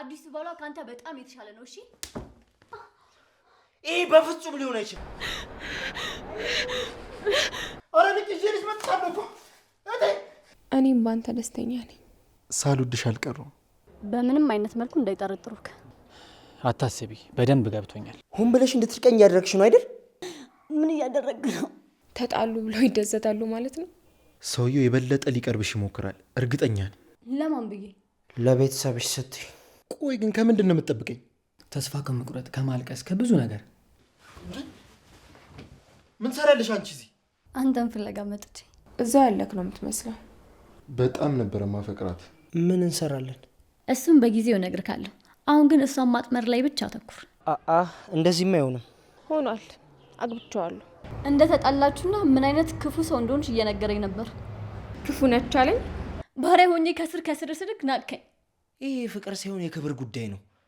አዲሱ ባሏ ከአንተ በጣም የተሻለ ነው። እሺ፣ ይህ በፍጹም ሊሆን አይችልም። አረ ልጅ ይዤ ልጅ መጥቻለሁ እኮ እኔም በአንተ ደስተኛ ነኝ። ሳልወድሽ አልቀሩም። በምንም አይነት መልኩ እንዳይጠረጥሩክ አታስቢ። በደንብ ገብቶኛል። ሆን ብለሽ እንድትርቀኝ እያደረግሽ ነው አይደል? ምን እያደረግ ነው? ተጣሉ ብለው ይደሰታሉ ማለት ነው። ሰውየው የበለጠ ሊቀርብሽ ይሞክራል፣ እርግጠኛ ነኝ። ለማን ብዬ? ለቤተሰብሽ ስትይ ቆይ ግን ከምንድን ነው የምትጠብቀኝ? ተስፋ ከመቁረጥ ከማልቀስ፣ ከብዙ ነገር። ምን ሰራልሽ አንቺ እዚህ? አንተን ፍለጋ መጥቼ እዛ ያለክ ነው የምትመስለው። በጣም ነበረ ማፈቅራት። ምን እንሰራለን? እሱም በጊዜው እነግርካለሁ። አሁን ግን እሷን ማጥመር ላይ ብቻ አተኩር። አ እንደዚህም አይሆንም። ሆኗል፣ አግብቼዋለሁ። እንደ ተጣላችሁና ምን አይነት ክፉ ሰው እንደሆንሽ እየነገረኝ ነበር። ክፉ ነች አለኝ። ባሪያ ሆኜ ከስር ከስር ስልክ ናቅከኝ። ይሄ ፍቅር ሳይሆን የክብር ጉዳይ ነው።